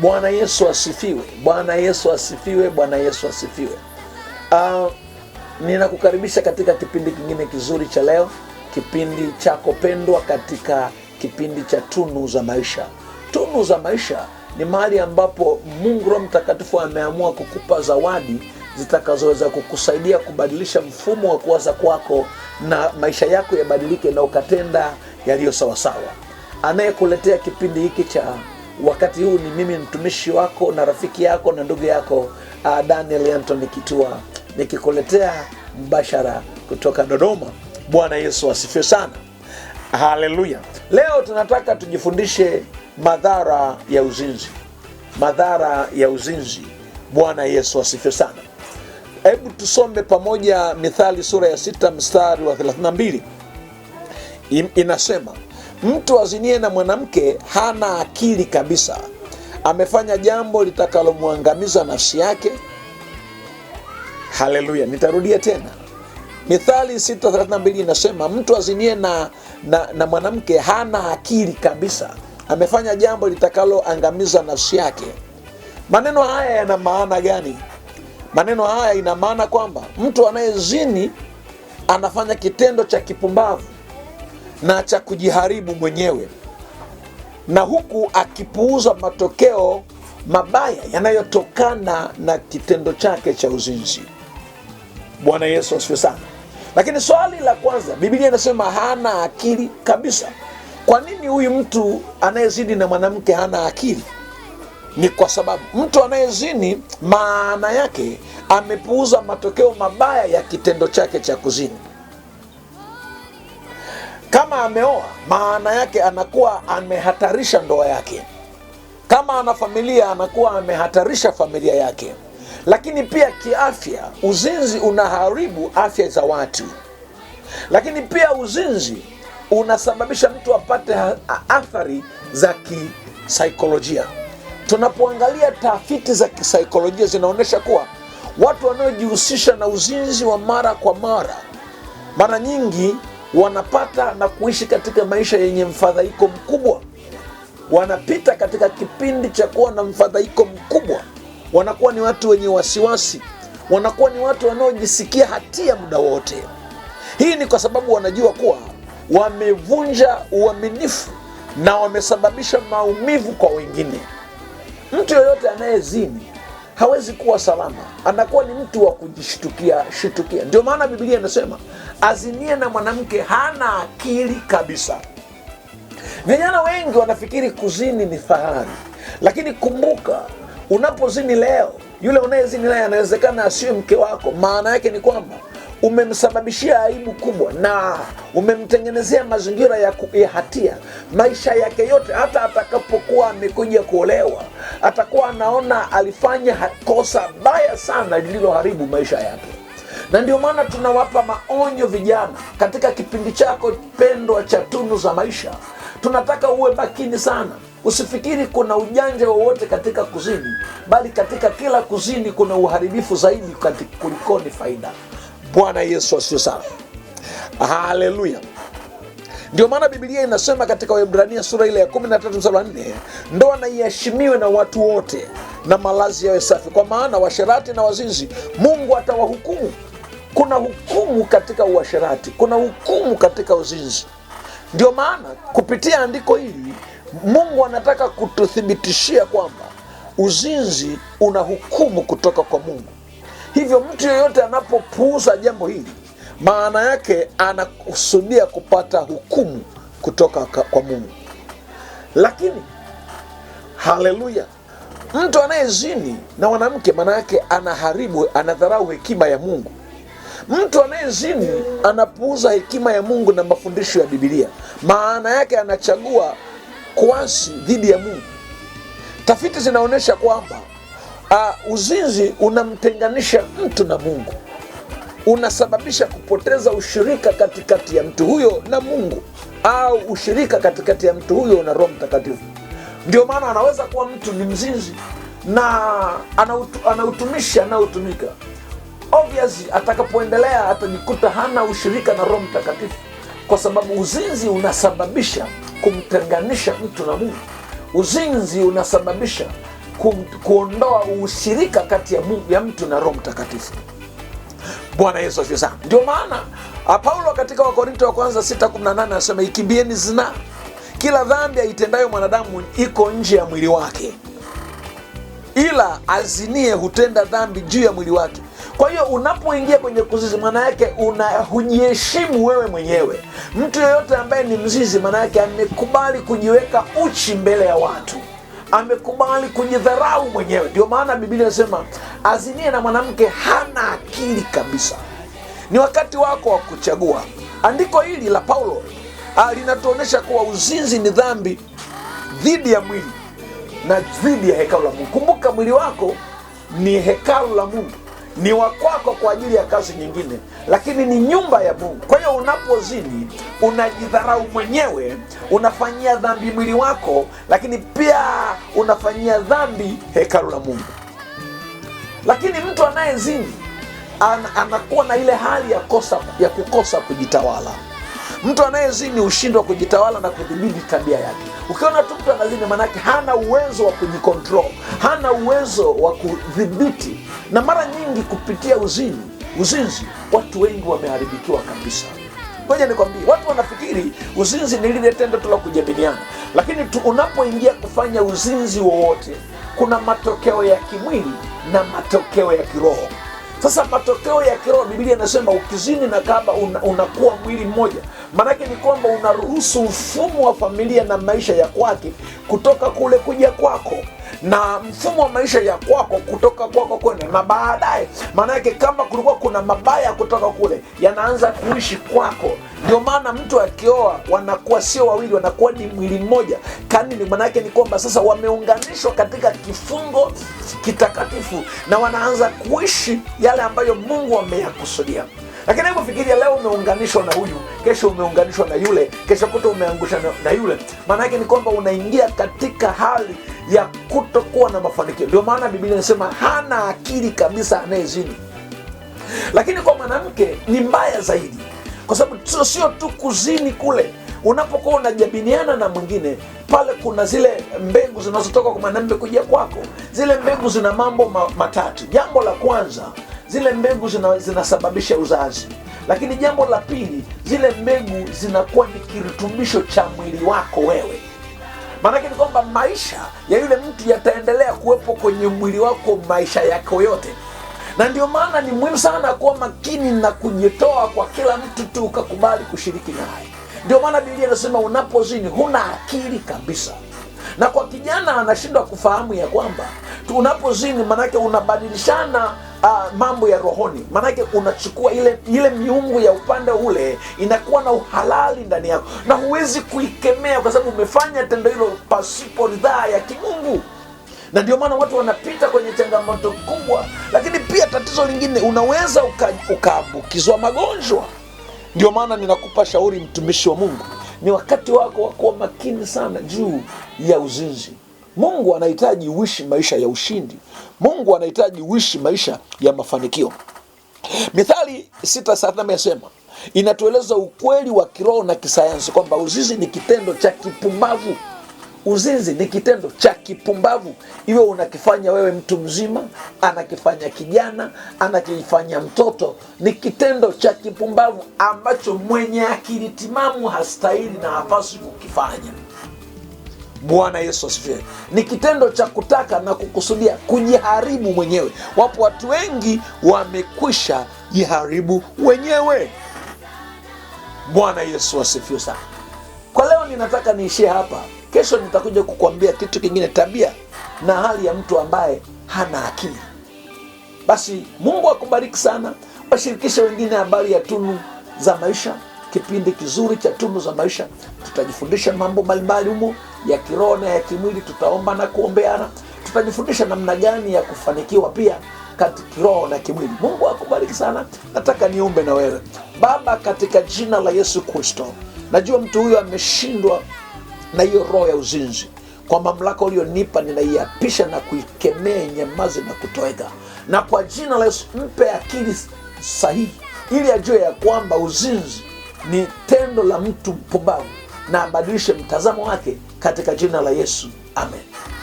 Bwana Yesu asifiwe, Bwana Yesu asifiwe, Bwana Yesu asifiwe. Uh, ninakukaribisha katika kipindi kingine kizuri cha leo, kipindi chako pendwa, katika kipindi cha Tunu za Maisha. Tunu za Maisha ni mahali ambapo Mungu Roho Mtakatifu ameamua kukupa zawadi zitakazoweza kukusaidia kubadilisha mfumo wa kuwaza kwako na maisha yako yabadilike na ukatenda yaliyo sawasawa. Anayekuletea kipindi hiki cha Wakati huu ni mimi mtumishi wako na rafiki yako na ndugu yako ah, Daniel Anthony Kitua nikikuletea mbashara kutoka Dodoma. Bwana Yesu asifiwe sana, haleluya. Leo tunataka tujifundishe madhara ya uzinzi, madhara ya uzinzi. Bwana Yesu asifiwe sana. Hebu tusome pamoja Mithali sura ya sita mstari wa 32 inasema Mtu azinie na mwanamke hana akili kabisa, amefanya jambo litakalomwangamiza nafsi yake. Haleluya, nitarudia tena. Mithali 6:32 inasema mtu azinie na, na, na mwanamke hana akili kabisa, amefanya jambo litakaloangamiza nafsi yake. Maneno haya yana maana gani? Maneno haya ina maana kwamba mtu anayezini anafanya kitendo cha kipumbavu na cha kujiharibu mwenyewe, na huku akipuuza matokeo mabaya yanayotokana na kitendo chake cha uzinzi. Bwana Yesu asifiwe sana. Lakini swali la kwanza, Biblia inasema hana akili kabisa. Kwa nini huyu mtu anayezini na mwanamke hana akili? Ni kwa sababu mtu anayezini, maana yake amepuuza matokeo mabaya ya kitendo chake cha kuzini. Kama ameoa, maana yake anakuwa amehatarisha ndoa yake. Kama ana familia, anakuwa amehatarisha familia yake. Lakini pia kiafya, uzinzi unaharibu afya za watu. Lakini pia uzinzi unasababisha mtu apate athari za kisaikolojia. Tunapoangalia tafiti za kisaikolojia zinaonyesha kuwa watu wanaojihusisha na uzinzi wa mara kwa mara mara nyingi wanapata na kuishi katika maisha yenye mfadhaiko mkubwa, wanapita katika kipindi cha kuwa na mfadhaiko mkubwa, wanakuwa ni watu wenye wasiwasi, wanakuwa ni watu wanaojisikia hatia muda wote. Hii ni kwa sababu wanajua kuwa wamevunja uaminifu na wamesababisha maumivu kwa wengine. Mtu yoyote anayezini hawezi kuwa salama, anakuwa ni mtu wa kujishtukia shtukia. Ndio maana Biblia inasema azimie na mwanamke hana akili kabisa. Vijana wengi wanafikiri kuzini ni fahari, lakini kumbuka, unapozini leo, yule unayezini naye anawezekana asiwe mke wako. Maana yake ni kwamba umemsababishia aibu kubwa na umemtengenezea mazingira ya, ya hatia maisha yake yote, hata atakapokuwa amekuja kuolewa atakuwa anaona alifanya kosa baya sana lililoharibu maisha yake. Na ndio maana tunawapa maonyo vijana katika kipindi chako pendwa cha Tunu za Maisha. Tunataka uwe makini sana, usifikiri kuna ujanja wowote katika kuzini, bali katika kila kuzini kuna uharibifu zaidi kulikoni faida. Bwana Yesu asiyo sana. Haleluya. Ndio maana Biblia inasema katika Waebrania sura ile ya 13 mstari wa 4, ndoa na iheshimiwe na watu wote na malazi yawe safi, kwa maana washerati na wazinzi Mungu atawahukumu. Kuna hukumu katika uasherati, kuna hukumu katika uzinzi. Ndio maana kupitia andiko hili Mungu anataka kututhibitishia kwamba uzinzi una hukumu kutoka kwa Mungu. Hivyo mtu yeyote anapopuuza jambo hili maana yake anakusudia kupata hukumu kutoka kwa Mungu. Lakini haleluya, mtu anayezini na mwanamke maana yake anaharibu, anadharau hekima ya Mungu. Mtu anayezini anapuuza hekima ya Mungu na mafundisho ya Bibilia, maana yake anachagua kuasi dhidi ya Mungu. Tafiti zinaonyesha kwamba uh, uzinzi unamtenganisha mtu na Mungu unasababisha kupoteza ushirika katikati ya mtu huyo na Mungu au ushirika katikati ya mtu huyo na Roho Mtakatifu. Ndio maana anaweza kuwa mtu ni mzinzi na anautu, anautumishi anaotumika obviously, atakapoendelea atajikuta hana ushirika na Roho Mtakatifu, kwa sababu uzinzi unasababisha kumtenganisha mtu na Mungu. Uzinzi unasababisha kuondoa ushirika kati ya, ya mtu na Roho Mtakatifu. Bwana Yesu asifiwe sana. Ndio maana ah, Paulo katika Wakorinto wa kwanza 6:18 anasema ikimbieni zinaa. Kila dhambi aitendayo mwanadamu iko nje ya mwili wake, ila azinie hutenda dhambi juu ya mwili wake. Kwa hiyo unapoingia kwenye kuzizi, maana yake unahujiheshimu hujiheshimu wewe mwenyewe. Mtu yeyote ambaye ni mzizi, maana yake amekubali kujiweka uchi mbele ya watu amekubali kujidharau mwenyewe. Ndio maana Biblia inasema azinie na mwanamke hana akili kabisa. Ni wakati wako wa kuchagua. Andiko hili la Paulo ah, linatuonyesha kuwa uzinzi ni dhambi dhidi ya mwili na dhidi ya hekalu la Mungu. Kumbuka, mwili wako ni hekalu la Mungu ni wakwako kwa ajili ya kazi nyingine, lakini ni nyumba ya Mungu. Kwa hiyo unapozini, unajidharau mwenyewe, unafanyia dhambi mwili wako, lakini pia unafanyia dhambi hekalu la Mungu. Lakini mtu anayezini an, anakuwa na ile hali ya kosa, ya kukosa kujitawala. Mtu anayezini ushindwa kujitawala na kudhibiti tabia yake. Ukiona tu mtu anazini, maanake hana uwezo wa kujikontrol, hana uwezo wa kudhibiti na mara nyingi kupitia uzini, uzinzi watu wengi wameharibikiwa kabisa. Ngoja nikwambie, watu wanafikiri uzinzi ni lile tendo tu la kujamiiana, lakini tu unapoingia kufanya uzinzi wowote kuna matokeo ya kimwili na matokeo ya kiroho. Sasa matokeo ya kiroho, Biblia inasema ukizini na kaba una, unakuwa mwili mmoja. Maanake ni kwamba unaruhusu mfumo wa familia na maisha ya kwake kutoka kule kuja kwako na mfumo wa maisha ya kwako kutoka kwako kwenda na baadaye. Maana yake kama kulikuwa kuna mabaya kutoka kule yanaanza kuishi kwako. Ndio maana mtu akioa wanakuwa sio wawili, wanakuwa ni mwili mmoja kanini. Maana yake ni kwamba sasa wameunganishwa katika kifungo kitakatifu na wanaanza kuishi yale ambayo Mungu ameyakusudia. Lakini hebu fikiria leo umeunganishwa na huyu, kesho umeunganishwa na yule, kesho kuto umeangusha na, na yule. Maana yake ni kwamba unaingia katika hali ya kutokuwa na mafanikio. Ndio maana Biblia inasema hana akili kabisa anayezini. Lakini kwa mwanamke ni mbaya zaidi, kwa sababu sio tu kuzini kule unapokuwa unajabiniana na mwingine pale, kuna zile mbegu zinazotoka kwa mwanamke kuja kwako. Zile mbegu zina mambo ma matatu. Jambo la kwanza zile mbegu zina, zinasababisha uzazi. Lakini jambo la pili, zile mbegu zinakuwa ni kirutubisho cha mwili wako wewe. Maanake ni kwamba maisha ya yule mtu yataendelea kuwepo kwenye mwili wako maisha yako yote, na ndio maana ni muhimu sana kuwa makini na kujitoa kwa kila mtu tu ukakubali kushiriki naye. Ndio maana Biblia inasema unapozini huna akili kabisa na kwa kijana anashindwa kufahamu ya kwamba tunapozini manake unabadilishana uh, mambo ya rohoni, manake unachukua ile ile miungu ya upande ule inakuwa na uhalali ndani yako, na huwezi kuikemea kwa sababu umefanya tendo hilo pasipo ridhaa ya kimungu na ndio maana watu wanapita kwenye changamoto kubwa. Lakini pia tatizo lingine, unaweza ukaambukizwa magonjwa. Ndio maana ninakupa shauri, mtumishi wa Mungu, ni wakati wako wa kuwa makini sana juu ya uzinzi. Mungu anahitaji uishi maisha ya ushindi. Mungu anahitaji uishi maisha ya mafanikio. Mithali sita thelathini inatueleza ukweli wa kiroho na kisayansi kwamba uzinzi ni kitendo cha kipumbavu. Uzinzi ni kitendo cha kipumbavu, iwe unakifanya wewe mtu mzima, anakifanya kijana, anakifanya mtoto. Ni kitendo cha kipumbavu ambacho mwenye akili timamu hastahili na hapaswi kukifanya. Bwana Yesu asifiwe. Ni kitendo cha kutaka na kukusudia kujiharibu mwenyewe. Wapo watu wengi wamekwisha jiharibu wenyewe. Bwana Yesu asifiwe sana. Kwa leo ninataka niishie hapa. Kesho nitakuja kukuambia kitu kingine, tabia na hali ya mtu ambaye hana akili. Basi Mungu akubariki sana, washirikishe wengine habari ya tunu za maisha. Kipindi kizuri cha tunu za maisha, tutajifundisha mambo mbalimbali humo ya kiroho na ya kimwili. Tutaomba na kuombeana, tutajifundisha namna gani ya kufanikiwa pia kati kiroho na kimwili. Mungu akubariki sana. Nataka niombe na wewe. Baba, katika jina la Yesu Kristo, najua mtu huyo ameshindwa na hiyo roho ya uzinzi. Kwa mamlaka ulionipa ninaiapisha na kuikemea nyamazi na kutoweka, na kwa jina la Yesu mpe akili sahihi ili ajue ya kwamba uzinzi ni tendo la mtu mpumbavu, na abadilishe mtazamo wake katika jina la Yesu, amen.